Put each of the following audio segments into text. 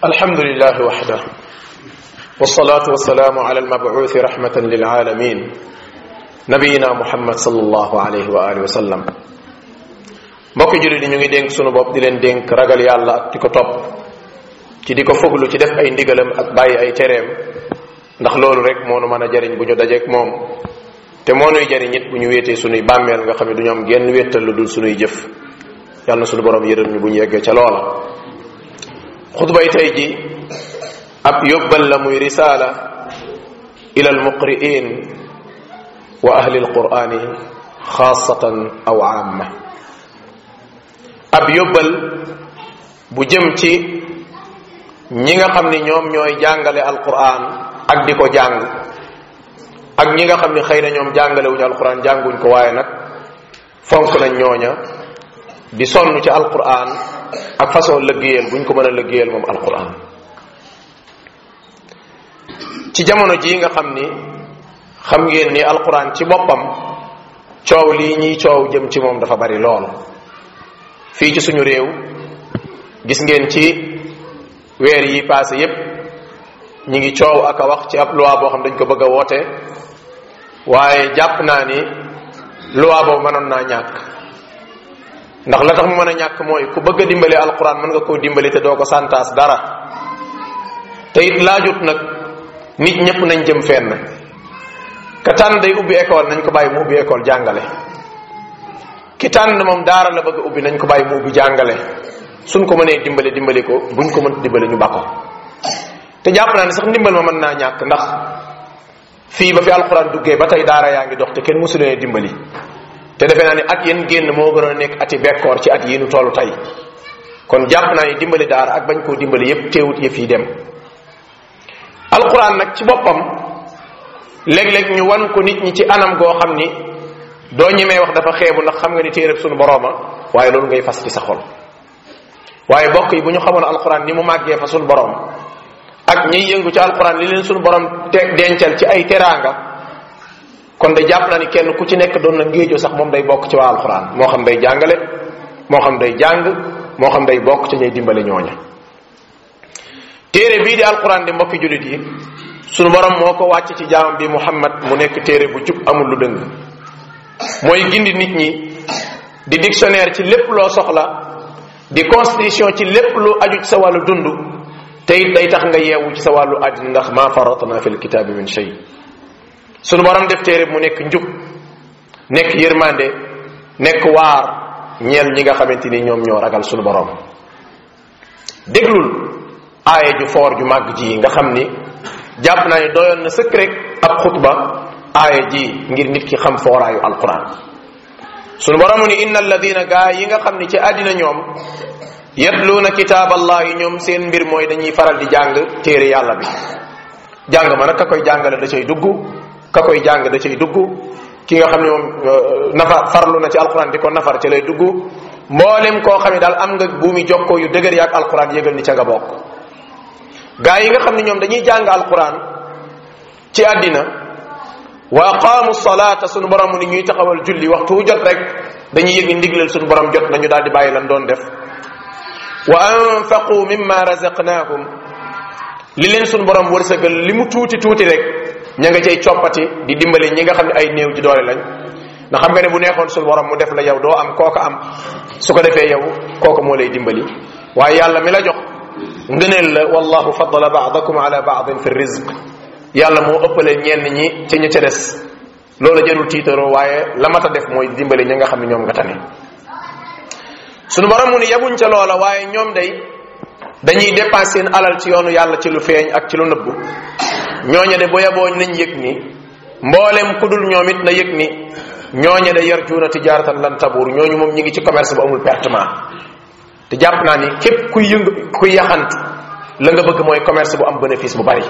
alhamdulilah waxda salaam wasalaamu ala almabuuthi rahmatan lilaalamin nabiyina muhammad salallahu alayhi wa alihi wa sallam mbokki jullit yi ñu ngi dénk suñu bopp di leen dénk ragal yàlla di ko topp ci di ko foglu ci def ay ndigalam ak bàyyi ay tereem ndax loolu rek moo nu mën a jariñ bu ñu dajeek moom te moo nuy jariñ it bu ñu wéetee sunuy bàmmeel nga xam ne du ñu am genn wéttal lu dul sunuy jëf yàlla na boroom borom yërëm ñu bu ñu yeggee ca loola xutbay tey ji ab yóbbal la muy risaala ila almuqri'in wa ahli alqur'ani xaasatan aw aama ab yóbbal bu jëm ci ñi nga xam ni ñoom ñooy jàngale alquran ak di ko jàng ak ñi nga xam ni xëy na ñoom jàngale wuñu alquran jànguñ ko waaye nag fonk nañ ñooña di sonn ci alquran ak façon lëggéeyal bu ñu ko mën a lëggéeyal moom alquran ci jamono ji nga xam ni xam ngeen ni alquran ci boppam coow lii ñuy coow jëm ci moom dafa bari lool fii ci suñu réew gis ngeen ci weer yi passé yépp ñu ngi coow ak a wax ci ab loi boo xam dañ ko bëgg a woote waaye jàpp naa ni loi boobu mënoon naa ñàkk ndax la tax mu mën a ñàkk mooy ku bëgg a dimbale alquran mën nga koo dimbali te doo ko santaas dara te it laajut nag nit ñëpp nañ jëm fenn ka tànn day ubbi école nañ ko bàyyi mu ubbi jàngale ki tànn moom daara la bëgg ubbi nañ ko bàyyi mu ubbi jàngale suñ ko mënee dimbale dimbali ko buñ ko mën dimbale ñu bako te jàpp naa ne sax ndimbal ma mën naa ñàkk ndax fii ba fi alquran duggee ba tey daara yaa ngi dox te kenn mosu leen dimbali te defe naa ne at yéen génn moo gën a nekk ati bekkoor ci at yi nu toll tey kon jàpp naa ne dimbali daara ak bañ koo dimbali yépp teewut yëf yi dem alquran nag ci boppam léeg-léeg ñu wan ko nit ñi ci anam goo xam ni doo ñemee wax dafa xeebu ndax xam nga ni téeréb suñu borooma waaye loolu ngay fas ci sa xol waaye bokk yi bu ñu xamoon alxuraan ni mu màggee fasul suñu boroom ak ñiy yëngu ci alquran li leen suñu borom te dencal ci ay teraanga kon de jàpp naa ni kenn ku ci nekk doon na ngéejoo sax moom day bokk ci waa alxuraan moo xam day jàngale moo xam day jàng moo xam day bokk ci ñay dimbale ñooña téere bii di alxuraan di mbokki jullit yi sunu borom moo ko wàcc ci jaamam bi muhammad mu nekk téere bu jub amul lu dëng mooy gindi nit ñi di dictionnaire ci lépp loo soxla di constitution ci lépp lu aju ci sa wàllu dund tey day tax nga yeewu ci sa wàllu àddina ndax ma faratna fil kitaabi min shay sunu borom def téere mu nekk njub nekk yërmande nekk waar ñeel ñi nga xamante ni ñoom ñoo ragal suñu boroom déglul aaya ju foor ju màgg ji nga xam ni jàpp naa ne doyoon na sëkk rek ab xutba aaya ji ngir nit ki xam fooraayu alquran sunu borom ni inna alladina gaa yi nga xam ni ci àddina ñoom yatluuna kitaab allahi ñoom seen mbir mooy dañuy faral di jàng téere yàlla bi jàng ma nag ka koy jàngale da cay dugg ka koy jàng da cay dugg ki nga xam ne moom euh, nafar farlu na ci alquran di ko nafar ci lay dugg mboolem koo xam ne daal am nga buumi jokkoo yu dëgër ak alquran yëgal ni ca nga bokk gaa yi nga xam ne ñoom dañuy jàng alquran ci àddina wa aqaamu salaata sunu borom ni ñuy taxawal julli waxtu wu jot rek dañuy yëg ni ndigleel sunu borom jot nañu daal di bàyyi lan doon def wa anfaqu mimma razaqnaahum li leen sunu borom wërsëgal li mu tuuti tuuti rek ña nga cay coppati di dimbali ñi nga xam ne ay néew ji doole lañ ndax xam nga ne bu neexoon suñu borom mu def la yow doo am koo ko am su ko defee yow kooka moo lay dimbali waaye yàlla mi la jox ngëneel la wallahu faddala baadakum ala baadin fi rizq yàlla moo ëppale ñenn ñi ci ñu ca des loolu jërul tiitaroo waaye la mat a def mooy dimbali ñi nga xam ne ñoom nga tane suñu mu ne yabuñ ca loola waaye ñoom day dañuy dépenser seen alal ci yoonu yàlla ci lu feeñ ak ci lu nëbbu ñooñe de bu yaboo nañ yëg ni mboolem ku dul ñoom it na yëg ni ñooñe de yarjuuna tijaaratan lan tabuur ñooñu moom ñi ngi ci commerce bu amul pertement te jàpp naa ni képp kuy yëngu kuy yaxant la nga bëgg mooy commerce bu am bénéfice bu bari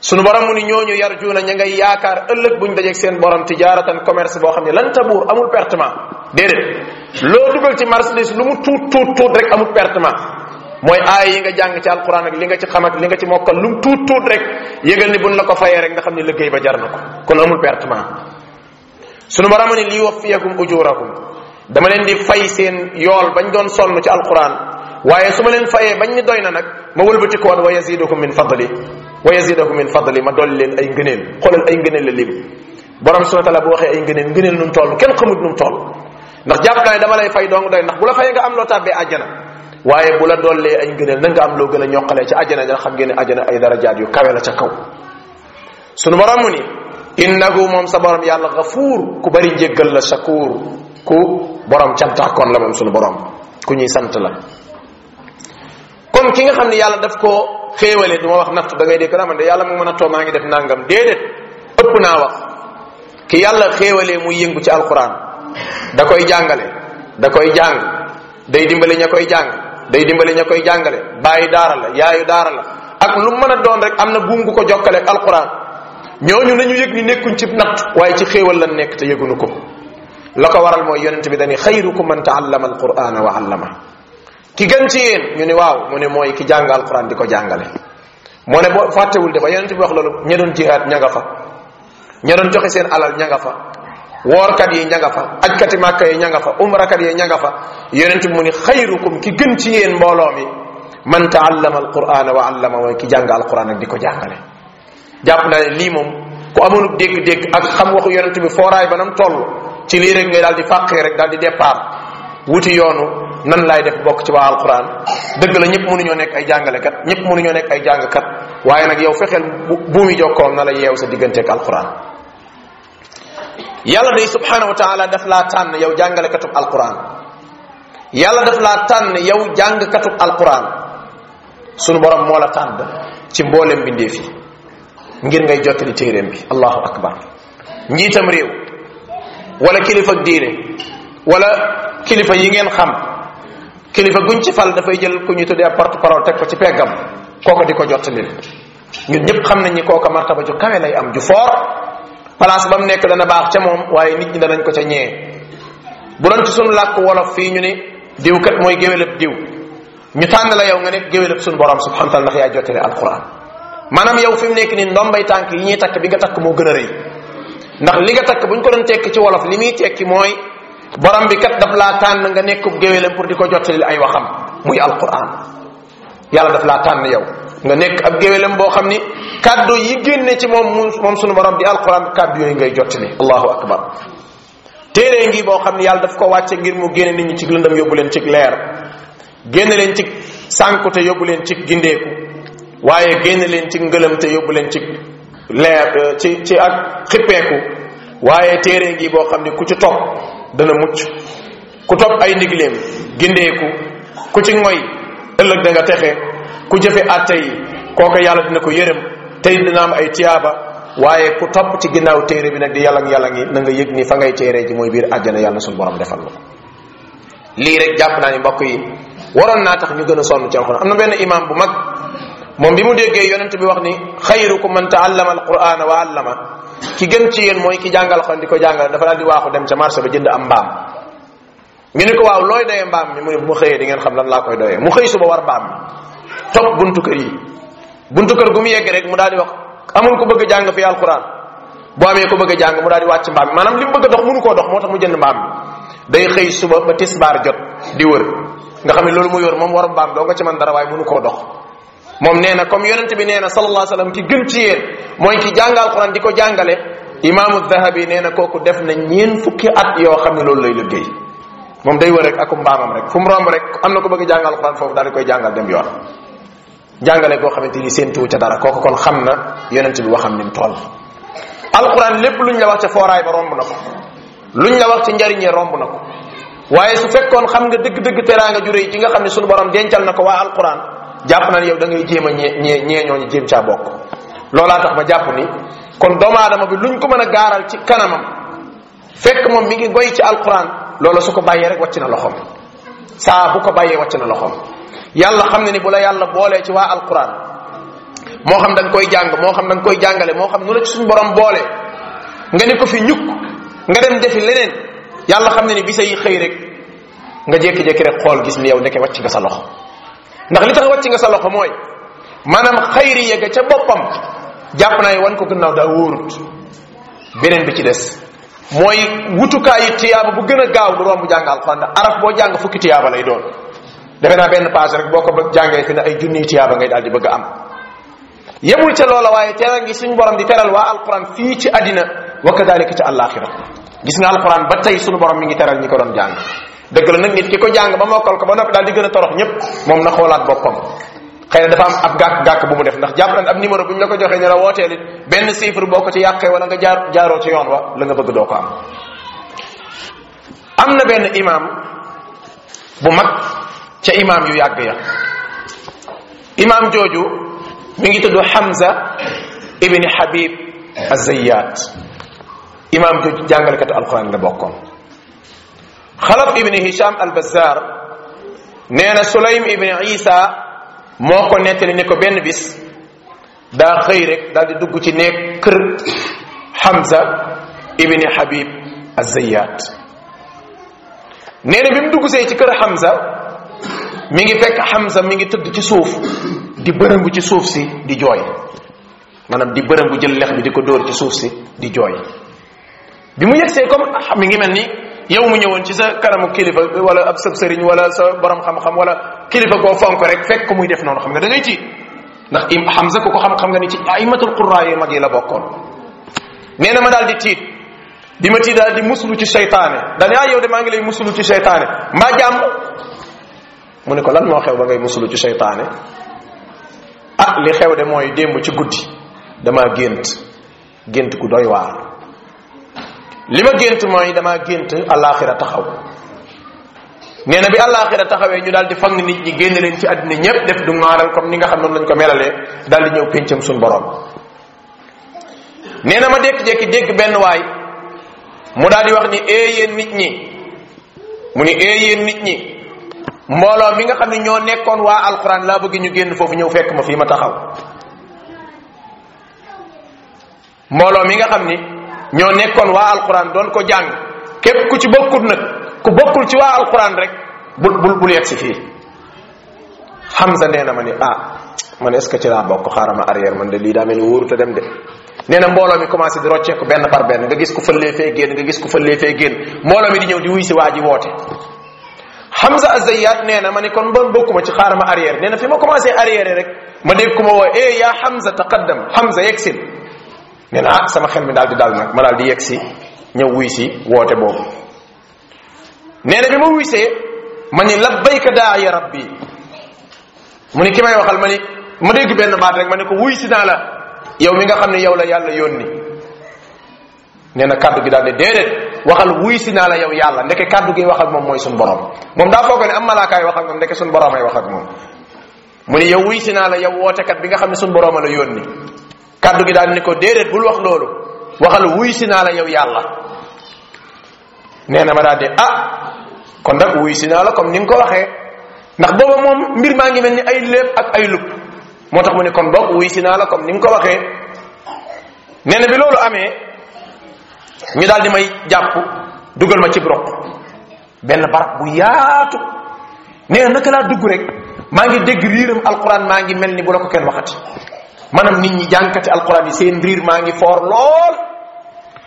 sunu borom mu ni ñooñu yarjuuna ña ngay yaakaar ëllëg buñ dajeeg seen borom tijaaratan commerce boo xam ne lan tabuur amul pertement déedéet loo dugal ci marchandise lu mu tuut tuut tuut rek amul pertement mooy aay yi nga jàng ci alquran ak li nga ci xam ak li nga ci mokkal lu mu tuut tuut rek yëgal ni buñ la ko fayee rek nga xam ne liggéey ba jar na ko kon amul pertement sunu borom ne li waffiyakum ujurakum dama leen di fay seen yool bañ doon sonn ci alquran waaye su ma leen fayee bañ ni doy na nag ma wëlbati ko wa yazidakum min fadli wa yazidakum min fadli ma dolli leen ay ngëneel xoolal ay ngëneel la lim borom subhanahu wa taala bu waxee ay ngëneel ngëneel nu mu kenn xamut nu mu toll ndax jàpp naa dama lay fay dong doy ndax bu la fayee nga am loo tàbbee àjjana waaye bu la dollee ay ngëneel na nga am loo gën a ñokkalee ci ajana dana xam ngeen ne ajana ay darajaat yu kawe la ca kaw sunu borom mu ni innahu moom sa borom yàlla gafuur ku bari njéggal la shakuur ku borom cantaakoon la moom suñu borom ku ñuy sant la kon ki nga xam ne yàlla def koo xéewale du ma wax natt dangay ngay dégg naa man de yàlla mu mën a too maa ngi def nangam déedéet ëpp naa wax ki yàlla xéewalee muy yëngu ci alquran da koy jàngale da koy jàng day dimbale ña koy jàng day dimbali ña koy jàngale bàyyi daara yaayu daara la ak lu mën a doon rek am na buum gu ko jokkale ak alquran ñooñu nañu yëg ni nekkuñ ci natt waaye ci xéewal lan nekk te yëgunu ko la ko waral mooy yonente bi dañuy xayrukum man taallama alqurana wa allama ki gën ci yéen ñu ne waaw mu ne mooy ki jàng alquran di ko jàngale moo ne boo fàttewul de ba yonente bi wax loolu ña doon jihaad ña fa ñeneen doon joxe seen alal ña nga fa woorkat yi ña nga fa kati màkka yi ña nga fa umrakat yi ña nga fa yonent bi mu ni xayrukum ki gën ci yéen mbooloo mi man taallama alqur'ana wa allama mooy ki jàng alqur'an ak di ko jàngale jàpp naa lii moom ku amoon dégg-dégg ak xam waxu yonent bi fooraay ba nam toll ci lii rek ngay daal di fàqee rek daal di départ wuti yoonu nan laay def bokk ci waa alquran dëgg la ñëpp mënuñoo nekk ay jàngalekat ñëpp mënuñoo nekk ay jàngkat waaye nag yow fexeel buumi jokkoom na la yeew sa digganteeg alquran yàlla day subhanahu wa taala daf laa tànn yow jàngalekatub alquran yàlla daf laa tànn yow jàngkatub alquran sunu borom moo la tànn ci mboolem bindeef yi ngir ngay jottali téeréem bi allahu akbar njiitam réew wala kilifa diine wala kilifa yi ngeen xam kilifa guñ ci fal dafay jël ku ñu tuddee ab porte parole teg ko ci peggam kooka di ko jottalil ñun ñëpp xam nañ ni kooka martaba ju kawe lay am ju foor place ba mu nekk dana baax ca moom waaye nit ñi danañ ko ca ñee bu doon ci sunu làkk wolof fii ñu ni diw kat mooy géwélab diw ñu tànn la yow nga nekk géwélab sunu borom subhanahu wa taala ndax yaa jottale alquran maanaam yow fi mu nekk ni ndombay tànk yi ñuy takk bi nga takk moo gën a rëy ndax li nga takk bu ñu ko dañ tekki ci wolof li muy tekki mooy borom bi kat daf laa tànn nga nekk géwélam pour di ko jottalil ay waxam muy alquran yàlla daf laa tànn yow nga nekk ab géwélam boo xam ni kàddu yi génne ci moom moom suñu sunu borom di alquran kàddu yooyu ngay jottali allahu akbar téere ngi boo xam ni yàlla daf ko wàcce ngir mu génne nit ñi ci lëndam yóbbu leen ci leer génne leen ci sànku te yóbbu leen ci gindeeku waaye génne leen ci ngëlam te yóbbu leen ci leer euh, ci ci ak xippeeku waaye téere ngi boo xam ni ku ci topp dana mucc ku topp ay ndigleem gindeeku ku ci moy ëllëg da nga texe ku jëfe atte yi kooka yàlla dina ko yërëm tey dina am ay tiyaaba waaye ku topp ci ginnaaw téere bi nag di yàlla yàlla ngi nanga nga yëg ni fa ngay téere ji mooy biir àjjana yàlla suñu borom defal la lii rek jàpp naa ni mbokk yi waroon naa tax ñu gën a sonn ci alxuraan am na benn imam bu mag moom bi mu déggee yonent bi wax ni xayrukum man taallama alqur'ana wa allama ki gën ci yéen mooy ki jàngal di ko jàngal dafa daal di waaxu dem ca marché ba jënd am mbaam ñu ne ko waaw looy doyee mbaam mi mu ne bu ma xëyee di ngeen xam lan laa koy doyee mu xëy suba war mbaam mi topp buntu kër yi buntu kër gu mu yegg rek mu daal di wax amul ku bëgg a jàng fii alquran bu amee ku bëgg a jàng mu daal di wàcc maanaam li mu bëgg dox mënu koo dox moo tax mu jënd jot di wër nga xam ne loolu muy wër moom waru mbaam doo nga ci man dara waaye mënu koo dox moom nee na comme bi nee na sallallahu alayhi wa sallam ki gën ci yéen mooy ki jàng alquran di ko jàngale nee na kooku def na ñeen fukki at yoo xam ne loolu lay liggéey moom day wër rek akum mbaamam rek fu mu romb rek am na ko bëgg a jàng alquran foofu daal di koy jàngal dem yoon jàngale koo xamante ni séentuwu ca dara kooku kon xam na yonent bi waxam ni mu toll alquran lépp lu ñu la wax ca fooraay ba romb na ko lu ñu la wax ci njariñee romb na ko waaye su fekkoon xam nga dëgg-dëgg teraanga jure yi ci nga xam ne sunu borom dencal na ko waa alquran jàpp na yow da ngay jéem a ñee ñee ñee ñooñu jéem caa bokk loolaa tax ma jàpp ni kon doomu aadama bi lu luñ ko mën a gaaral ci kanamam fekk moom mi ngi ngoy ci alquran loola su ko bàyyee rek wàcc na loxoom saa bu ko bàyyee wàcc na loxoom yàlla xam ne ni bu la yàlla boolee ci waa alquran moo xam da koy jàng moo xam da nga koy jàngale moo xam nu la ci suñu borom boole nga ni ko fi ñukk nga dem defi leneen yàlla xam ne ni bisa yi xëy rek nga jékki-jékki rek xool gis ni yow ndeke wàcc nga sa loxo ndax li tax wàcc nga sa loxo mooy maanaam xayri yega ca boppam jàpp naa yi wan ko gannaaw a wóorut beneen bi ci des mooy wutukaayu tiyaaba bu gën a gaaw du romb jàng alxuraan araf boo jàng fukki tiyaaba lay doon defe naa benn paase rek boo ko jàngee fi ne ay junniy tiyaaba ngay daal di bëgg a am yemul ca loola waaye teral ngi suñu borom di teral waa alquran fii ci àddina wa kadalika ci àllaaxira gis nga alquran ba tey suñu borom mi ngi teral ñi ko doon jàng dëgg la nag nit ko jàng ba mokkal ko ba noppi daal di gën a torox ñëpp moom na xoolaat boppam xëy na dafa am ab gàkk gàkk bu mu def ndax jàpp na ab numéro bu ñu la ko joxee ne la wooteel it benn chiffre boo ko ci yàqee wala nga jaar jaaroo ci yoon wa la nga bëgg doo ko am am na benn imam bu mag ca imaam yu yàgg imaam jooju mu ngi tudd Hamza ibni Habib Azzayaat imaam jooju jàngalekatu alquran la bokkoon Xalaf ibni Hisham al-Bazzar nee na Sulaym ibni moo ko nettali ni ko benn bis daa xëy rek di dugg ci néeg kër Hamza ibni Habib Azzayaat nee na bi mu dugg see ci kër Hamza. mi ngi fekk Hamza mi ngi tëdd ci suuf di bërëngu ci suuf si di jooy maanaam di bërëngu jël lex bi di ko dóor ci suuf si di jooy bi mu yegsee comme ah, mi ngi mel ni yow mu ñëwoon ci sa kanamu kilifa wala ab sëb sëriñ wala sa borom xam-xam wala kilifa koo fonk rek fekk ko muy def noonu xam nga da ngay tiit ndax im Hamza ko ko xam xam nga ni ci aimatul qurra yi mag yi la bokkoon nee na ma daal di tiit bi ma tiit daal di muslu ci seytaane daal yow de maa ngi lay muslu ci seytaane mbaa jàmm mu ne ko lan moo xew ba ngay musulu ci seytaane ah li xew de mooy démb ci guddi damaa gént gént gu doy waar li ma gént mooy damaa gént alaaxira taxaw nee na bi alaaxira taxawee ñu daal di fang nit ñi génn leen ci àddina ñépp def du ŋaaral comme ni nga xam noonu lañ ko melalee daal di ñëw péncam suñu borom nee na ma dékki-jékki benn waay mu daal di wax ni ee nit ñi mu ni ee nit ñi mbooloo mi nga xam ne ñoo nekkoon waa alxuraan laa bëgg ñu génn foofu ñëw fekk ma fii ma taxaw mbooloo mi nga xam ni ñoo nekkoon waa alxuraan doon ko jàng képp ku ci bokkut nag ku bokkul ci waa alxuraan rek bul bu bul yegg si fii Hamza nee na ma ni ah man est-ce que ci laa bokk xaaral ma arrière man de lii daa mel ni wóoruta dem de nee na mbooloo mi commencé di rocceeku benn par benn nga gis ku fëlee fee génn nga gis ku fëlee fee génn mbooloo mi di ñëw di wuy si waa ji woote Hamza Azzayaat nee na ma ne kon bon bokkuma ci xaar ma arrière nee na fi ma commencé arrière rek ma dégg ku ma woo eh yaa Hamza taqaddam Hamza yegg si nee na ah, sama xel mi daal di dal nag ma daal di yegg si ñëw wuy si woote boobu. nee na bi ma wuysee ma ni labbayka daa ya rabbi mu ni ki may waxal ma ni ma dégg benn baat rek ma ne ko wuy si naa la yow mi nga xam ne yow la yàlla yónni nee na kàddu gi daal di déedéet. waxal wuy si naa la yow yàlla ndeke kàddu gi wax ak moom mooy suñu borom moom daa foog ne am malaakaay wax ak moom ndeke suñu borom ay moom mu ne yow wuy naa la yow wootekat bi nga xam ne suñu borom la yónni kàddu gi daal ni ko déedéet bul wax loolu waxal wuy naa la yow yàlla nee na ma daal di ah kon nag wuy naa la comme ni nga ko waxee ndax booba moom mbir maa ngi mel ni ay lépp ak ay lupp moo tax mu ne kon boog wuy naa la comme ni nga ko waxee nee bi loolu amee ñu daal di may jàpp dugal ma ci roq benn barab bu yaatu nee na naka laa dugg rek maa ngi dégg riiram alquran maa ngi mel ni bu la ko kenn waxati maanaam nit ñi jànkati alquran yi seen riir maa ngi foor lool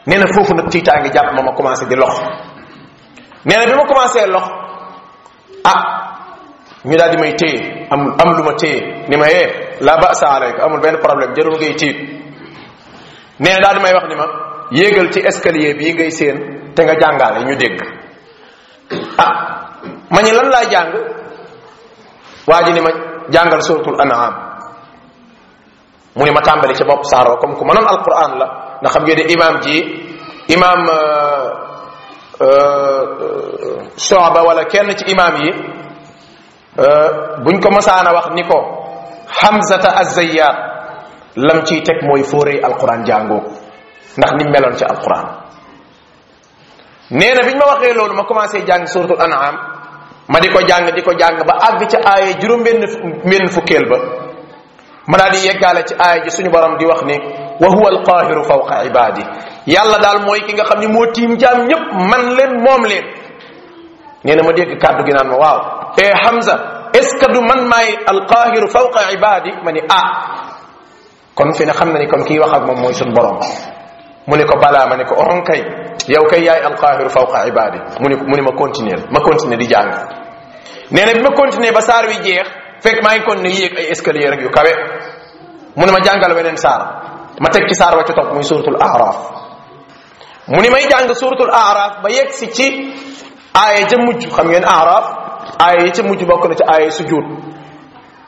nee na foofu nag tiitaange jàpp ma ma commencé di lox nee na ma commencé lox ah ñu daal di may téye am am lu ma téye ni ma yee eh, la basa aleyka amul benn problème jarul ngay tiit daal di may wax ni ma yéegal ci escalier bii ngay séen te nga jàngaale ñu dégg ah ma lan laa jàng waa ji ni ma jàngal suratul an'am mu ne ma tàmbali ca bopp saaroo comme ku mënoon alquran la ndax xam ngeen ne imaam ji imaam euh, euh, soba wala kenn ci imaam yi euh, buñ ko masaana wax ni ko hamzata azzayyaat lam ciy teg mooy fóoree alquran jàngoo ndax ni meloon ci alquran nee na bi ñu ma waxee loolu ma commencé jàng suratul an'am ma di ko jàng di ko jàng ba àgg ci aaya juróom benn benn fukkeel ba ma daal di yeggaale ci aaya ji suñu borom di wax ni wa huwa alqaahiru fawqa ibaadi yàlla daal mooy ki nga xam ni moo tiim jaam ñépp man leen moom leen nee na ma dégg kàddu gi naan ma waaw e Hamza est-ce que du man maay alqaahiru fawqa ibaadi ma ni ah kon fi ne xam na ni comme kii wax ak moom mooy suñu borom mu ne ko balaa ma ne ko on oh, kay yow kay yaay alqaahiru fawqa ibaadi mu ne mu ne ma continuer ma continuer di jàng nee na bi ma continuer ba saar wi jeex fekk maa ngi continuer yéeg ay escalier rek yu kawe mu ne ma jàngal weneen saar ma teg ci saar wa ca topp muy suratul araf may jàng suratul araf ba yegg si ci aaya ca mujj xam ngeen araf aaya yi ca mujj bokk na ci aaya sujud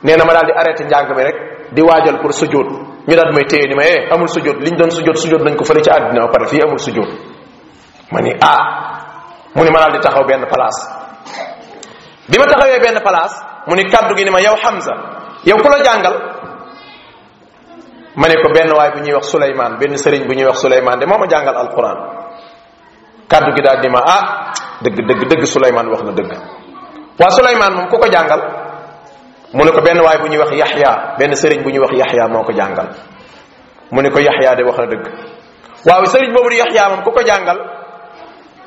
nee na ma daal di arrêté njàng mi rek di waajal pour sujud ñu daal may téye ni ma eh amul sujjóot liñ doon sujjóot sujjóot nañ ko fële ci àddina ba pare fii amul sujjóot ma ni ah mu ni ma daal di taxaw benn place bi ma taxawee benn palaas mu ni kàddu gi ni ma yow Hamza yow ku la jàngal ma ne ko benn waay bu ñuy wax Souleymane benn sëriñ bu ñuy wax Souleymane de moo ma jàngal alquran kàddu gi daal di ma ah dëgg dëgg dëgg Souleymane wax na dëgg waa Souleymane moom ku ko jàngal mu ne ko benn waay bu ñuy wax yaxya benn sëriñ bu ñuy wax yaxya moo ko jàngal mu ne ko yaxya de wax na dëgg waaw sëriñ boobu di yaxya moom ku ko jàngal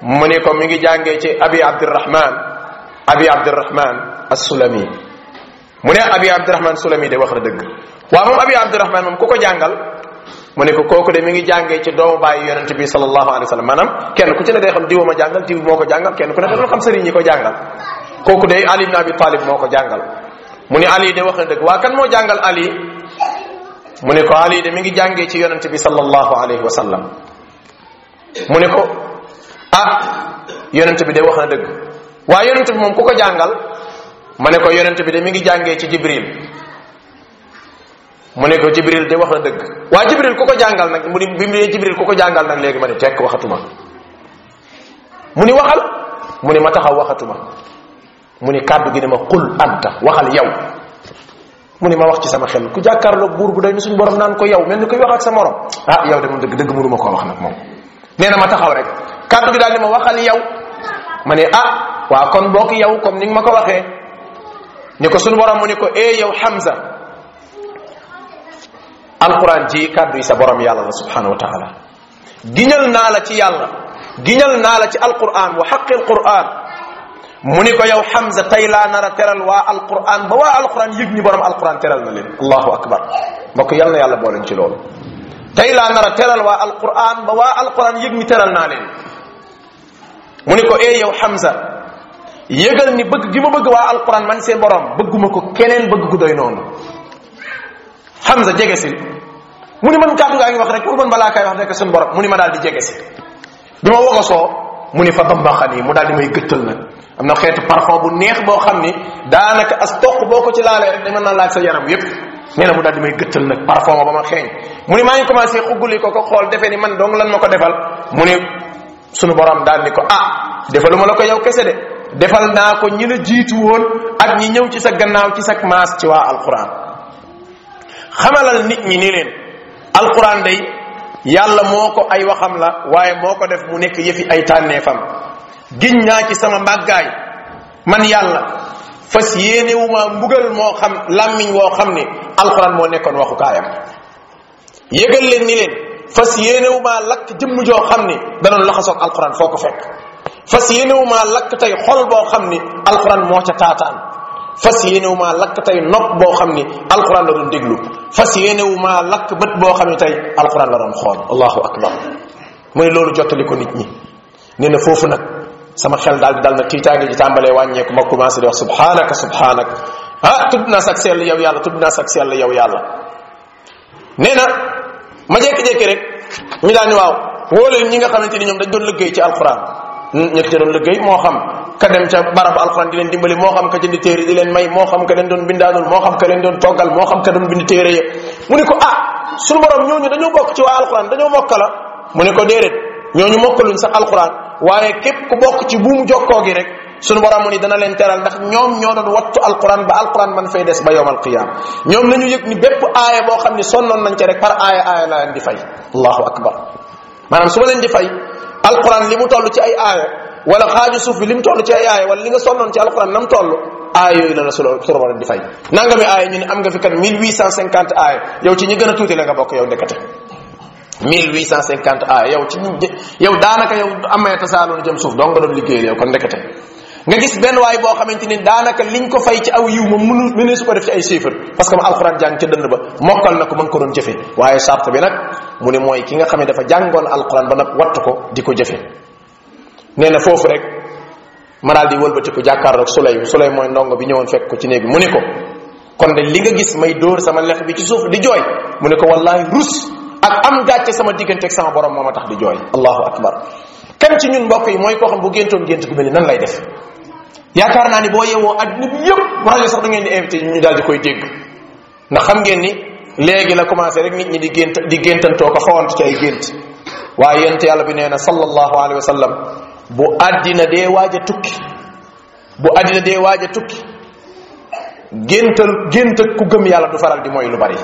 mu ne ko mi ngi jàngee ci abi abdirahman abi abdirahman assulami mu ne abi abdirahman sulami de wax na dëgg waaw moom abi abdirahman moom ku ko jàngal mu ne ko kooku de mi ngi jàngee ci doomu bàyyi yonente bi sallallahu alayhi wa sallam maanaam kenn ku ci ne day xam diwa ma jàngal diw moo ko jàngal kenn ku ne da doon xam sëriñ ñi ko jàngal kooku de ali ibn abi talib moo ko jàngal mu ne ali de na dëgg waa kan moo jàngal ali mu ne ko ali de mi ngi jàngee ci yonente bi sallallahu alayhi wa sallam mu ne ko ah yonente bi de wax na dëgg waaye yonente bi moom ku ko jàngal ma ne ko bi de mi ngi jàngee ci jibril mu ne ko jibril de wax na dëgg waa jibril ku ko jàngal nag mu bi mu ne jibril ku ko jàngal nag léegi ma ne tekk waxatuma mu ni waxal mu ne ma taxaw waxatuma mu ni kàddu gi ne ma qul anta waxal yow mu ne ma wax ci sama xel ku jàkkaarloog buur bu doy ni suñu borom naan ko yow mel ni ko wax ak sa morom ah yow de moom dëgg dëgg mënuma moom nee na ma taxaw rek kàddu gi daal ne ma waxal yow ma ne ah waa kon bokk yow comme ni ma ko waxee ni ko suñu borom mu ne ko eh yow Hamza alquran ji kàddu yi sa borom yàlla la subhanahu wa taala giñal naa la ci yàlla giñal naa la ci alquran wa xaqi alquran mu ni ko yow Hamza tey laa nara a teral waa alquran ba waa alquran yëg ni borom alquran teral na leen allahu akbar mbokk yal na yàlla booleen ci loolu tey laa nar a teral waa alquran ba waa alquran yëg ni teral naa leen mu ni ko ee yow Hamza yëgal ni bëgg gi ma bëgg waa alquran man seen borom bëgguma ko keneen bëgg ku doy noonu Hamza jege si mu ni man kàddu ngaa ngi wax rek pour man balaa kaay wax rek suñu borom mu ni ma daal di jege si bi ma wogosoo mu fa dambaxani mu daal di may gëttal nag am na xeetu parfum bu neex boo xam ni daanaka as toq boo ko ci laalee rek mën naa laaj sa yaram yépp nee na mu daal di may gëttal nag parfum ba ma xeeñ mu ni maa ngi commencé xuggali ko ko xool defe ni man dong lan ma ko defal mu ni sunu borom daal ni ko ah defaluma la ko yow kese de defal naa ko ñi la jiitu woon ak ñi ñëw ci sa gannaaw ci sa maas ci waa alquran xamalal nit ñi ni leen alquran day yàlla moo ko ay waxam la waaye moo ko def mu nekk yëfi ay tànneefam giñ naa ci sama mbàggaay man yàlla fas yéenewumaa mbugal moo xam làmmiñ woo xam ne alxuraan moo nekkoon waxu kaayam yëgal leen ni leen fas yéenewumaa lakk jëmm joo xam ne danoon laxasoog alxuraan foo ko fekk fas yéenewumaa lakk tey xol boo xam ne alxuraan moo ca taataan fas yéenewumaa lakk tey nopp boo xam ni alxuraan la doon déglu fas yéenewumaa lakk bët boo xam ne tey alxuraan la doon xool allahu akbar mu loolu jottali ko nit ñi nee foofu nag sama xel daal di dal na tiitaange ji tàmbalee wàññeeku ma commencé di wax subhanaka subhanaka ah tudd naa sag sell yow yàlla tudd naa sag sell yow yàlla nee na ma jékki-jékki rek ñu daan waaw wóole ñi nga xam xamante ni ñoom dañ doon liggéey ci alquran hmm, ñi ci doon liggéey moo xam ka dem ca barabu alquran di leen moo xam ka jënd téere di may moo xam ka leen doon bindaanul moo xam ka leen doon toggal moo xam ka doon bind téere ko ah sunu borom ñooñu dañoo bokk ci waa alquran mu ne ko déedéet ñooñu mokkaluñ sax alquran waaye képp ku bokk ci buumu jokkoo gi rek sunu borom mu ni dana leen teral ndax ñoom ñoo doon wattu alquran ba alquran man fay des ba yowmal qiyam ñoom nañu yëg ni bépp aaya boo xam ni sonnoon nañ ca rek par aaya aaya laa leen di fay allahu su ma leen di fay alquran li mu toll ci ay aaya wala xaaju suuf bi li mu toll ci ay aaya wala li nga sonnoon ci alquran na mu toll aaya yooyu la la sunu borom di fay nangami aaya ñu ne am nga fi kat 1850 aaya yow ci ñi gën a tuuti la nga bokk yow ndekete 1850 a yow ci yow daanaka yow amee tasaaloon jëm suuf dong nga doon liggéeyal yow kon ndekete nga gis benn waay boo xamante ni daanaka liñ ko fay ci aw yiw moom mënu mënee su ko def ci ay chiffre parce que ma alxuraan jàng ca dënd ba mokkal na ko mën ko doon jëfe waaye sart bi nag mu ne mooy ki nga xam ne dafa jàngoon alxuraan ba nag wattu ko di ko jëfe nee na foofu rek ma daal di wëlbatiku jàkkaarloog Souley Souley mooy ndongo bi ñëwoon fekk ko ci néeg bi mu ne ko kon de li nga gis may dóor sama lex bi ci suuf di jooy mu ne ko wallahi rus ak am gàcce sama diggante ak sama borom moo ma tax di jooy allahu akbar kan ci ñun mbokk yi mooy koo xam bu géntoon gént gu mel ni nan lay def yaakaar naa ni boo yeewoo ak bi yëpp sax da ngeen di invité ñu daal di koy dégg ndax xam ngeen ni léegi la commencé rek nit ñi di gént di géntantoo ko xawant ci ay gént waaye yent yàlla bi nee na sallallahu alayhi wa sallam bu addina dee waaj a tukki bu addina dee waaj a tukki géntal gént ku gëm yàlla du faral di mooy lu bari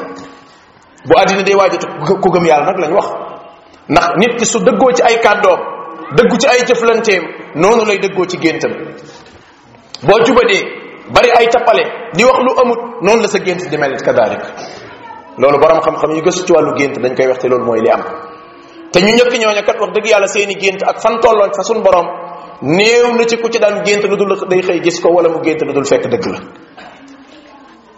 bu àddina day waaj ku gëm yàlla nag lañ wax ndax nit ki su dëggoo ci ay kàddoo dëggu ci ay jëflanteem noonu lay dëggoo ci géntam boo dee bari ay tappale di wax lu amut noonu la sa gént di melit kadalik loolu borom xam-xam yu gëstu ci wàllu gént dañ koy wax te loolu mooy li am te ñu ñëkk ñoo kat wax dëgg yàlla seeni gént ak fan tolloon fa sun borom néew na ci ku ci daan gént lu dul day xëy gis ko wala mu gént lu dul fekk dëgg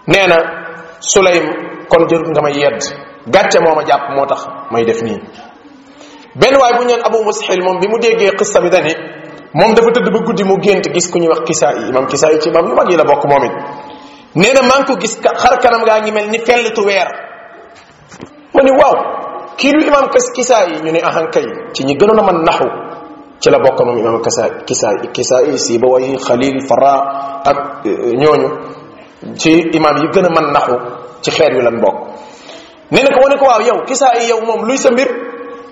la kon jarut nga may yedd gàcce moo ma jàpp moo tax may def nii benn waay bu ñu abu mushil moom bi mu déggee xista bi dani moom dafa tëdd ba guddi mu gént gis ku ñuy wax kisaa yi imam kisaa yi ci imam yu mag yi la bokk moom it maa ngi ko gis kanam gaa ngi mel ni fellitu weer ma ni waaw kii kisaa yi ñu ne ahankay ci ñi gënoon na man naxu ci la bokk moom imam kasa kisaa yi kisaa yi si ba way xalil fara ak eh, ñooñu ci imaam yi gën a man naxu ci xeer wi lan bokk nee na ko wane ko waaw yow kisaa yi yow moom luy sa mbir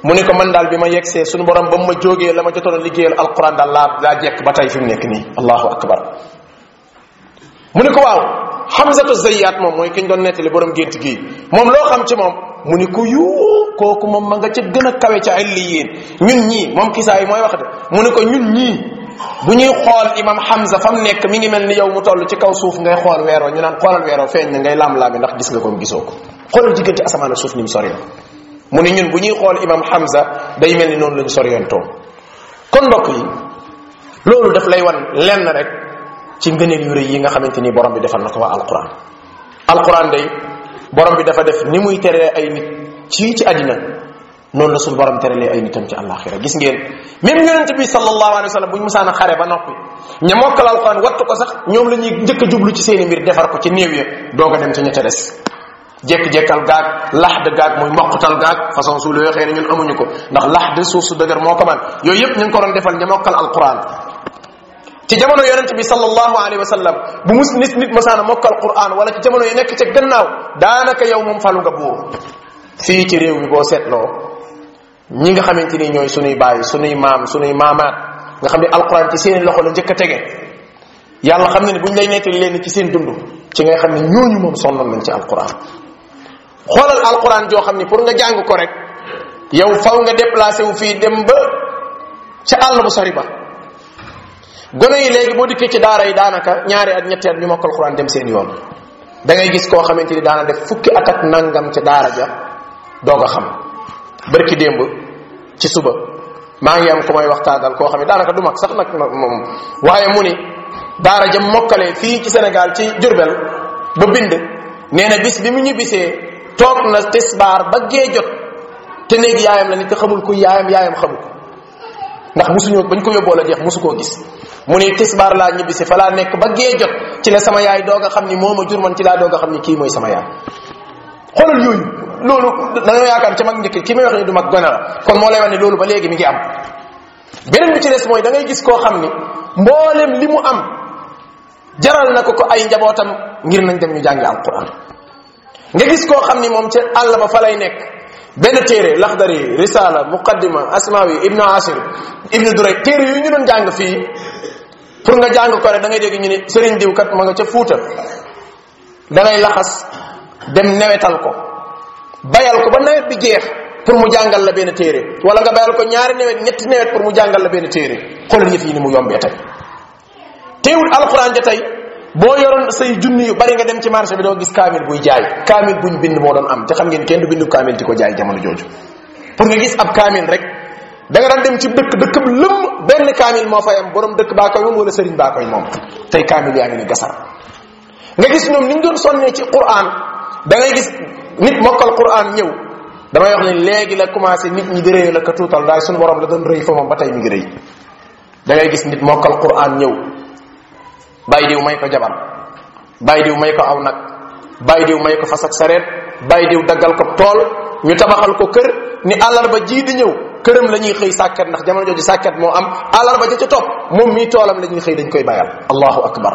mu ne ko man daal bi ma yegsee suñu borom ba mu ma jógee la ma jotoon liggéeyal alquran daal laa laa jekk ba tey fi mu nekk nii allahu akbar mu ne ko waaw xam xamsatu zayaat moom mooy kiñ doon nettali borom gént gii moom loo xam ci moom mu ni ko yuu kooku moom ma nga ca gën a kawe ca ay liyin ñun ñii moom kisaa yi mooy wax de mu ne ko ñun ñii bu ñuy xool imam Hamza fa mu nekk mi ngi mel ni yow mu toll ci kaw suuf ngay xool weeroo ñu naan xoolal weeroo feeñ na ngay laam-laami ndax gis nga ko gisoo ko xoolal diggante asamaan ak suuf ni mu soree mu ne ñun bu ñuy xool imam Hamza day mel ni noonu la ñu soriyantoo kon mbokk yi loolu daf lay wan lenn rek ci ngëneel yu yi nga xamante ni borom bi defal na ko waa alquran alquran day borom bi dafa def ni muy teree ay nit ci ci àddina noonu la suñu borom teralee ay nitam ci àllaaxira gis ngeen même yonente bi sallallahu alayhi wa sallam bu ñu mësaan a xare ba ko sax ñoom la njëkk a jublu ci seeni mbir defar ko ci néew ya doog a dem ca ña ca des jekk-jekkal gaag laxd gaag muy mokkutal gaag façon suula yoo xëy na ñun amuñu ko ndax laxd suuf su dëgër moo ko man yooyu yëpp ñu ngi ko doon defal ña mokkal alxuraan ci jamono yonente bi sallallahu alayhi wa sallam bu mus nit nit mësaan a mokkal quraan wala ci jamono yi nekk ca gannaaw daanaka yow moom falu nga buur fii ci réew mi boo seetloo ñi nga xamante ni ñooy sunuy bàyyi sunuy maam sunuy maamaat nga xam ne alquran ci seeni loxo la njëkk a tege yàlla xam ne ne bu ñu lay nekk leen ci seen dund ci ngay xam ne ñooñu moom sonnoon nañ ci alquran xoolal alquran joo xam ne pour nga jàng ko rek yow faw nga déplacé wu fii dem ba ca àll bu sori ba gone yi léegi boo dikkee ci daara yi daanaka ñaari at ñetti at ñu mokkal alquran dem seen yoon da ngay gis koo xamante ni daana def fukki at ak nangam ca daara ja doog xam bërki démb ci suba maa ngi am ku may waxtaanal koo xam ne daanaka du mag sax nag moom waaye mu ni daara jëm mokkale fii ci Sénégal ci Jurbel ba bind nee na bis bi mu ñibbisee toog na tisbaar ba gee jot te néeg yaayam la ni te xamul ku yaayam yaayam xamul ko ndax musuñu bañ ko yóbboo la jeex musu koo gis mu ni tisbaar laa ñibbisi fa laa nekk ba gee jot ci la sama yaay doog a xam ni moom ma jur man ci laa doog a xam ni kii mooy sama yaay xoolal yooyu loolu dañoo yaakaar ca mag njëkk ki may wax ni du mag gone kon moo lay wax ne ba léegi mi ngi am beneen bi ci mooy da ngay gis koo xam ni mboolem li mu am jaral na ko ko ay njabootam ngir nañ dem ñu jàngi alquran nga gis koo xam ni moom ca àll ba fa lay nekk benn téere laxdari risala muqaddima asmawi ibnu asir ibnu duray téere yu ñu doon jàng fii pour nga jàng ko rek da ngay dégg ñu ni sëriñ diw kat ma nga ca fuuta da ngay laxas dem newetal ko bayal ko ba nawet bi jeex pour mu jàngal la benn téere wala nga bayal ko ñaari nawet ñetti nawet pour mu jàngal la benn téere xoolal yëf yi ni mu yombee tey teewul alxuraan ja tey boo yoroon say junni yu bari nga dem ci marché bi doo gis kaamil buy jaay kaamil buñ bind moo doon am te xam ngeen kenn du bindu kaamil di ko jaay jamono jooju pour nga gis ab kaamil rek danga nga daan dem ci dëkk dëkk bu lëmm benn kaamil moo fay am boroom dëkk baa koy moom wala sëriñ baa koy moom tey kaamil yaa ngi ni gasar nga gis ñoom ni ñu sonnee ci Qur'an da ngay gis nit mokkal Qur'an ñëw damay wax ni léegi la commencé nit ñi di rëy la ka tuutal daay suñu borom la doon rëy fa moom tey mi ngi rëy da ngay gis nit mokkal Qur'an ñëw bàyyi may ko jabar bàyyi diw may ko nag bàyyi diw may ko sareet bàyyi diw daggal ko tool ñu tabaxal ko kër ni àllarba ji di ñëw këram la ñuy xëy sàkket ndax jamono jooju sàkket moo am àllarba ja ca topp moom mii toolam la ñuy xëy dañ koy bayal allahu akbar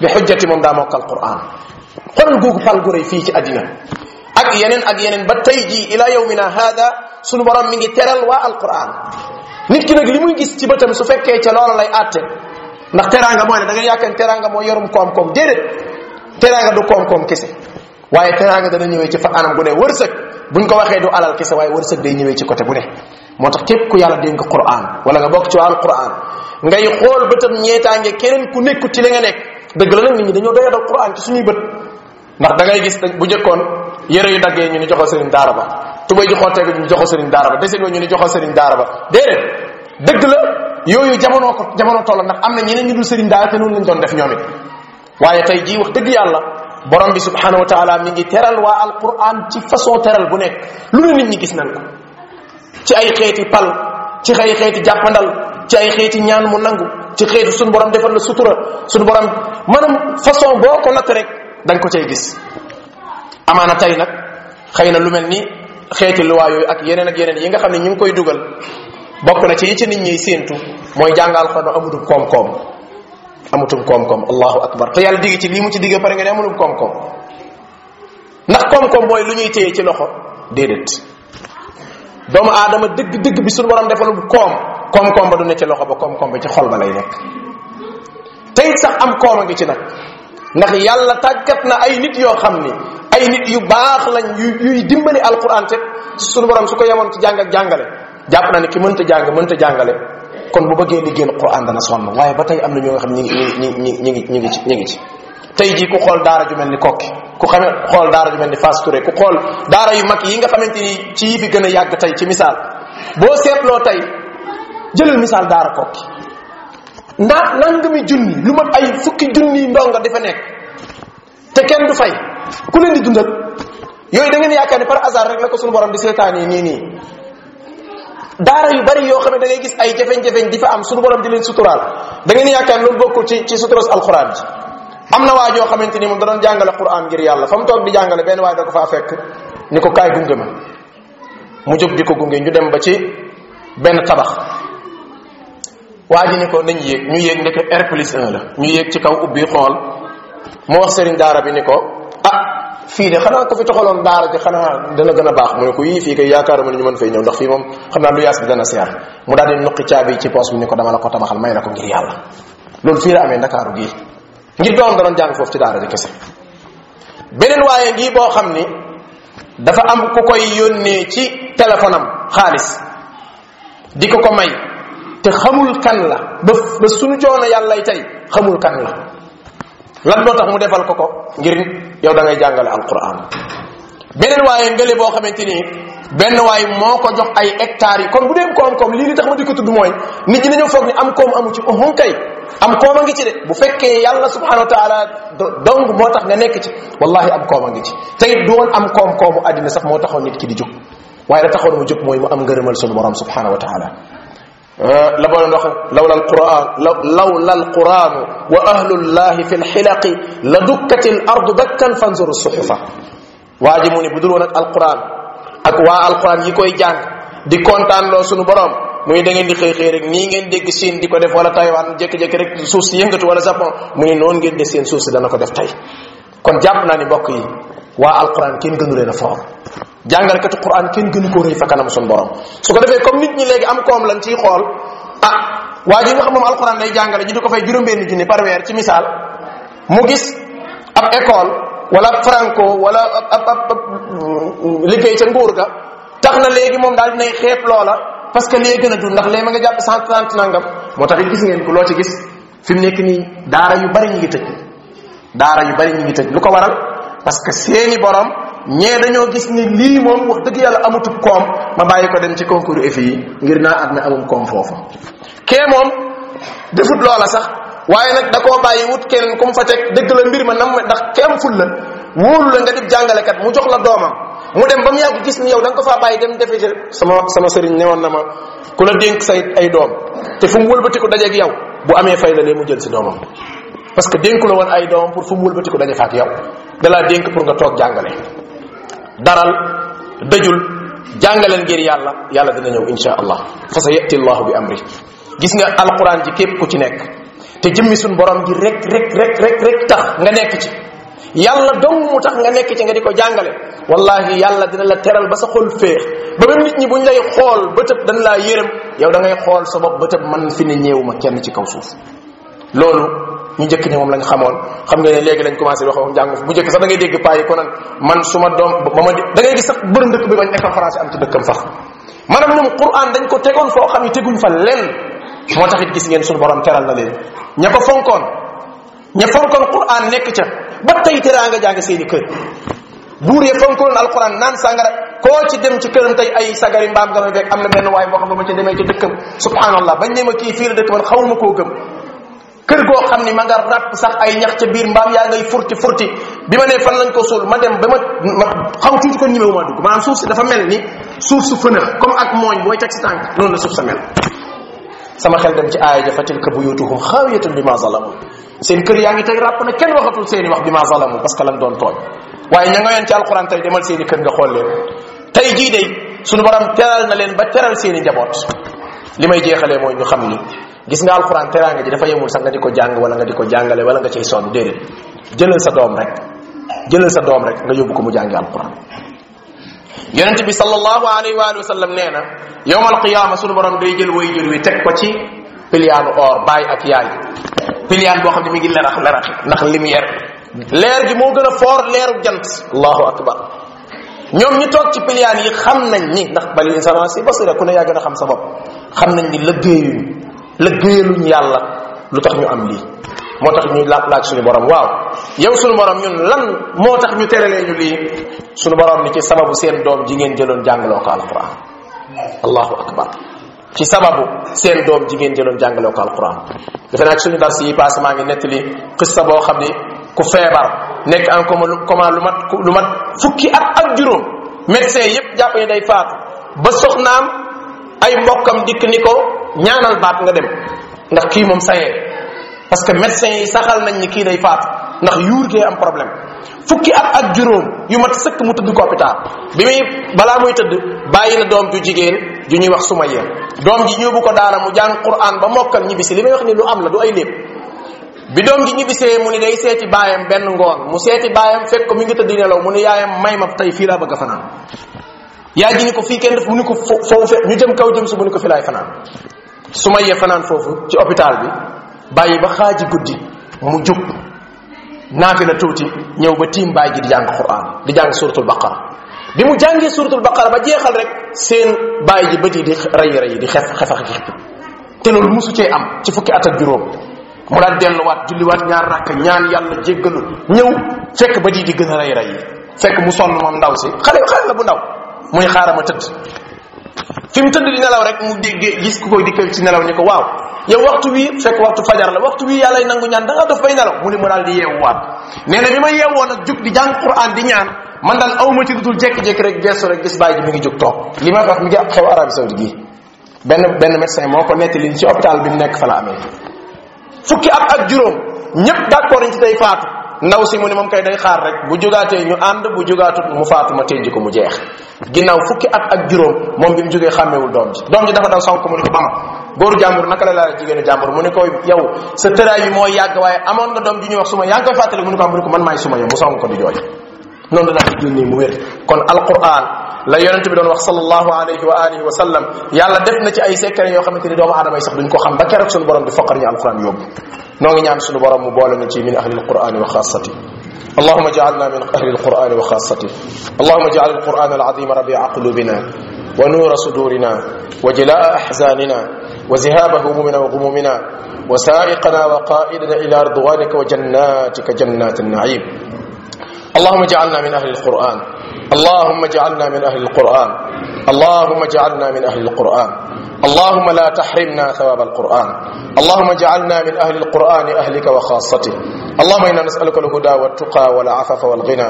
bi xujjati moom daa mokkal Qur'an xoolal googu fal gu rëy fii ci àddina ak yeneen ak yeneen ba tey jii ila yawmina hada sunu borom mi ngi teral waa alquran nit ki nag li muy gis ci bëtam su fekkee ca loola lay àtte ndax teraanga mooy ne da nga teraanga mooy yorum koom-koom déedéet teraanga du koom-koom kese waaye teraanga dana ñëwee ci fa anam gu ne wërsëg buñ ko waxee du alal kese waaye wërsëg day ñëwee ci côté bu ne moo tax képp ku yàlla dénk Qur'an wala nga bokk ci wàllu Qur'an ngay xool bëtam ñeetaange keneen ku nekku ci li nga nekk dëgg la nag nit ñi dañoo doyadal Qur'an ci bët ndax da ngay gis bu njëkkoon yére yu daggee ñu ni joxo sëriñ daara ba tubay ju xotteeku ñu joxo sëriñ daara ba desin ñu ni joxo sëriñ daara ba dëgg la yooyu jamono ko jamono toll ndax am na ñeneen ñu dul sëriñ daara te noonu lañ doon def ñoom it waaye tey jii wax dëgg yàlla borom bi subhanahu wa taala mi ngi teral waa alquran ci façon teral bu nekk lu ne nit ñi gis nañ ko ci ay xeeti pal ci ay xeeti jàppandal ci ay xeeti ñaan mu nangu ci xeeti suñu borom defal la sutura suñu borom maanaam façon boo ko natt rek da ko cay gis amaana tey nag xëy na lu mel ni xeeti luwaa yooyu ak yeneen ak yeneen yi nga xam ne ñu ngi koy dugal bokk na ci yi ci nit ñiy séentu mooy jàngal ko no amutum koom-koom amutum koom-koom allahu akbar te yàlla digi ci lii mu ci digge pare nga ne amutum koom-koom ndax koom-koom lu ñuy téye ci loxo déedéet doomu aadama dëgg dëgg bi suñu borom defalul koom koom-koom ba du ne ci loxo ba koom-koom ba ci xol ba lay nekk tey sax am koom a ngi ci nag ndax yàlla tàggat na ay nit yoo xam ni ay nit yu baax lañ yu yuy dimbali alquran te sunu borom su ko yemoon ci jàng jàngale jàpp na ne ki mënta jàng mënta jàngale kon bu bëggee liggéeyal quran dana sonn waaye ba tey am na ñoo xam ñi ngi ñi ngi ñi ngi ñi ngi ci ñi ngi ci tey jii ku xool daara ju mel ni kokki ku xame xool daara ju mel ni Fass Touré ku xool daara yu mag yi nga xamante ni ci yi fi gën a yàgg tey ci misaal boo seetloo tey jëlal misaal daara kokki ndaa nangami junni lu mat ay fukki junni ndongo di fa nekk te kenn du fay ku leen di dundal yooyu da ngeen yaakaar ne par hasard rek la ko suñu borom di seetaan yi nii nii daara yu bari yoo xam ne da ngay gis ay jafeñ-jafeñ di fa am suñu borom di leen suturaal da ngeen yaakaar loolu bokkul ci ci suturos alxuraan ji am na waa joo xamante ni moom da doon jàngale quran ngir yàlla fa mu toog di jàngale benn waay da ko faa fekk ni ko kaay gunge ma mu jóg di ko gunge ñu dem ba ci benn tabax waa ji ne ko nañ yéeg ñu yéeg ndeke R plus 1 la ñu yéeg ci kaw ubbi xool mu wax sëriñ daara bi ni ko ah fii de xanaa ko fi toxaloon daara ji xanaa dana gën a baax mu ne ko yii fii kay yaakaaruma ne ñu mën fay ñëw ndax fii moom xam naa lu yaas bi dana seer mu daal di nuqi caabi ci poos bi ni ko dama la ko tabaxal may la ko ngir yàlla loolu fii la amee ndakaaru gi ngir doom danoon jàng foofu ci daara ji kese beneen waaye ngi boo xam ni dafa am ku koy yónnee ci téléphone am xaalis di ko ko may te xamul kan la ba ba suñu yàlla yàllay tey xamul kan la lan doo tax mu defal ko ko ngir yow da ngay jàngale alquran beneen waaye ngële boo xamante ni benn waaye moo ko jox ay hectares yi kon bu dee koom-koom lii li tax ma di ko tudd mooy nit ñi dañoo foog ni am koom amu ci uhum kay am koom a ngi ci de bu fekkee yàlla subhanahu wa taala dong moo tax nga nekk ci wallahi am koom a ngi ci te it doon am koom-koomu àddina sax moo taxoon nit ki di jóg waaye la taxoon mu jóg mooy mu am ngërëmal sunu borom subhanahu wa taala Euh, la ma doon wax lawla alquran lawla alquranu wa ahlullahi fi lxilaqi la dukkati l ardu dakkan fanzur suxufa waa ji mu ni bu dul woon ak alquran ak waa alquran yi koy jàng di kontaan loo sunu borom muy da ngeen di xëy xëy nii ngeen dégg Chine di ko def wala Taïwan jékki-jékki rek suuf si yëngatu wala Japon mu ni noonu ngeen de seen suuf si dana ko def tey kon jàpp naa ni mbokk yi waa alquran kenn gënu leen a foor jàngalkatu quran kenn gënu koo rëy fa kanam suñu borom su ko defee comme nit ñi léegi am koom lañ ciy xool ah waa ji nga xam moom alquran lay jàngale ñu di ko fay juróom-benn junni par weer ci misaal mu gis ab école wala ab franco wala ab ab liggéey ca nguur ga tax na léegi moom daal dinay xeeb loola parce que lee gën a dund ndax lee ma nga jàpp cent trente nangam moo tax i gis ngeen ko loo ci gis fi mu nekk nii daara yu bari ñu ngi tëj daara yu bari ñu ngi tëj lu ko waral parce que seeni borom ñee dañoo gis ni lii moom wax dëgg yàlla amatub koom ma bàyyi ko dem ci concours EFI yi ngir naa am ne amum koom foofu kee moom defut loola sax waaye nag da koo bàyyi wut keneen ku mu dëgg la mbir ma nam ndax keem ful la wóolu la nga dib jàngalekat mu jox la doomam mu dem ba mu yàgg gis ni yow da ko faa bàyyi dem defe sama sama sëriñ newoon na ma ku la dénk say ay doom te fu mu wëlbatiku dajeeg yow bu amee fay la lee mu jël si doomam parce que dénk la woon ay doom pour fu mu wëlbati ko daje fa dalaa dénk pour nga toog jàngale daral dëjul jàngaleel ngir yàlla yàlla dina ñëw insha allah fa sa yati allahu bi amri gis nga alquran ji képp ku ci nekk te jëmmi suñ borom ji rek rek rek rek rek tax nga nekk ci yàlla dong tax nga nekk ci nga di ko jàngale wallahi yàlla dina la teral ba sa xol féex ba même nit ñi buñ lay xool bëtëb dañ laa yërëm yow da ngay xool sa bopp bëtëb man fi ne ñeewu ma kenn ci kaw suuf loolu ñu njëkk ñi moom lañ xamoon xam nga ne léegi lañ commencé wax wax njàngu bu njëkk sax da ngay dégg paa yi ko naan man su ma doom ba ma da ngay gis sax am ci dëkkam sax maanaam ñoom Qur'an dañ ko tegoon foo xam moo tax it gis ngeen suñu borom teral na leen ña ko fonkoon ña fonkoon Qur'an nekk ba tey teraa nga jàng seeni kër buur ya fonkoon alquran naan sangara koo ci dem ci këram tey ay sagari mbaam nga ma beeg am na benn waay boo xam ne ma ci demee ci dëkkam subhanallah bañ ne ma kii fii la dëkk man xawma koo gëm kër goo xam ni ma nga ràpp sax ay ñax ca biir mbaam yaa ngay furti furti bi ma nee fan lañ ko suul ma dem ba ma ma xaw tuuti ko ñimewu maa dugg maanaam suuf si dafa mel ni suuf su fënax comme ak mooñ booy teg si tànk noonu la suuf sa mel sama xel dem ci aaya ja fa tilka buyutuhum xaawiyatun bi ma zalamu seen kër yaa ngi tey ràpp na kenn waxatul seeni wax bi ma zalamu parce que lan doon tooñ waaye ña nga yoon ci alquran tey demal seeni kër nga xool leen tey jii day sunu borom teral na leen ba teral seeni njaboot li may jeexalee mooy ñu xam ni gis nga alxuraan teraanga ji dafa yemul sax nga di ko jàng wala nga di ko jàngale wala nga cay sonn déedéet jëlal sa doom rek jëlal sa doom rek nga yóbbu ko mu jàngi alxuraan yonent bi sallallahu alayhi wa sallam nee na yowmal qiyaama sunu borom day jël way jur wi teg ko ci piliyaanu or baay ak yaay piliyaan boo xam ne mi ngi lerax lerax ndax lumière leer bi moo gën a foor leeru jant allahu akbar ñoom ñi toog ci piliyaan yi xam nañ ni ndax bali insaan si basira ku ne yaa gën a xam sa bopp xam nañ ni lëggéeyuñ ñu yàlla lu tax ñu am lii moo tax ñu laaj laaj suñu borom waaw yow suñu borom ñun lan moo tax ñu terelee ñu lii suñu borom ni ci sababu seen doom ji ngeen jëloon jàngaloo ko alquran allahu akbar doom ji ngeen jëloon jàngaloo ko defe naa suñu dars yi paase maa ngi nettali xista boo xam ni ku feebar nekk en commun comment lu mat lu mat fukki at ak juróom médecin yépp jàpp ne day faatu ba soxnaam ay mbokkam dikk ni ko ñaanal baat nga dem ndax kii moom sayee parce que médecin yi saxal nañ ni kii day faatu ndax yuur gee am problème fukki at ak juróom yu mat sëkk mu tëdd ko hôpital bi muy balaa muy tëdd bàyyi na doom ju jigéen ju ñuy wax suma yéen doom ji ñëbu ko daara mu jàng quran ba mokkal ñibbisi li may wax ni lu am la du ay lépp bi doom ji ñibbisee mu ni day seeti baayam benn ngoon mu seeti baayam fekk ko mi ngi tëdd nelaw mu ni yaayam may ma tey fii laa bëgg a fanaan yaa ji ni ko def mu ni ko ñu jëm kaw jëm su mu ni ko fi laay fanaan su ma yee fanaan foofu ci hôpital bi bàyyi ba xaaji guddi mu jub naafi la tuuti ñëw ba tiim baay ji di jàng Qur'an di jàng suratul baqara bi mu jàngee suratul baqara ba jeexal rek seen baay ji bët yi di rayi rayi di xef xefax gi te loolu musu cee am ci fukki at ak juróom mu daan delluwaat julliwaat ñaar rakk ñaan yàlla jéggalu ñëw fekk ba di di gën a rey rey fekk mu sonn moom ndaw si xale xale la bu ndaw muy xaaral ma tëdd fi mu tëdd di nelaw rek mu déggee gis ku koy dikkal ci nelaw ni ko waaw yow waxtu wi fekk waxtu fajar la waxtu wi yàlla nangu ñaan da nga dof bay nelaw mu ne ma daal di yeewuwaat nee na bi ma yeewoo nag jug di jàng quran di ñaan man daal aw ma ci jekki jékki-jékki rek geesu rek gis bàyyi ji mi ngi jug toog li ma wax mi ngi xew Arabie Saoudite gi benn benn médecin moo ko nettali ci hôpital bi mu nekk fa la amee fukki at ak juróom ñëpp d'accord nañ ci ndaw si mu ne moom kay day xaar rek bu jógaatee ñu ànd bu jógaatut mu faatu ma tëjji ko mu jeex ginnaaw fukki at ak juróom moom bi mu jógee xàmmewul doom ji doom ji dafa daw sonk mu ne ko ba ma góoru jàmbur naka la laa jigéenu jàmbur mu ne ko yow sa tëraay yi mooy yàgg waaye amoon na doom ji ñuy wax suma yaa ngi koy fàttali mu ne ko am mu ne ko man maay suma yow mu sonk ko di jooy noonu la daal di génnee mu wér kon alquran la yonente bi doon wax sallallahu alayhi wa alihi wa sallam yàlla def na ci ay secret yoo xamante ni doomu aadama yi sax duñ ko xam ba keroog suñu borom di foqar ñu alquran yóbbu noo ngi ñaan suñu borom mu boole ñu ci min ahli alqurani wa xaasati اللهم اجعلنا من أهل القرآن وخاصته اللهم اجعل القرآن العظيم ربيع قلوبنا ونور صدورنا وجلاء أحزاننا وذهاب همومنا وغمومنا وسائقنا وقائدنا إلى رضوانك وجناتك جنات النعيم اللهم اجعلنا من أهل القرآن اللهم اجعلنا من أهل القرآن اللهم اجعلنا من أهل القرآن اللهم لا تحرمنا ثواب القرآن اللهم اجعلنا من أهل القرآن أهلك وخاصته اللهم إنا نسألك الهدى والتقى والعفف والغنى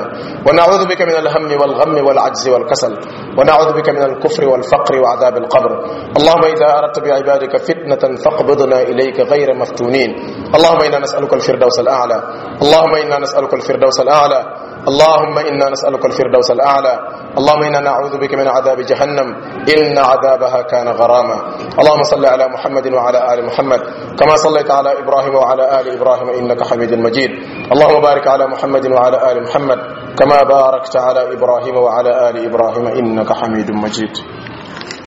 ونعوذ بك من الهم والغم والعجز والكسل ونعوذ بك من الكفر والفقر وعذاب القبر اللهم إذا أردت بعبادك فتنة فاقبضنا إليك غير مفتونين اللهم إنا نسألك الفردوس الأعلى اللهم إنا نسألك الفردوس الأعلى اللهم إنا نسألك الفردوس الأعلى اللهم إنا نعوذ بك من عذاب جهنم إن عذابها كان غراما اللهم صل على محمد وعلى آل محمد كما صليت على إبراهيم وعلى آل إبراهيم إنك حميد مجيد اللهم بارك على محمد وعلى آل محمد كما باركت على إبراهيم وعلى آل إبراهيم إنك حميد مجيد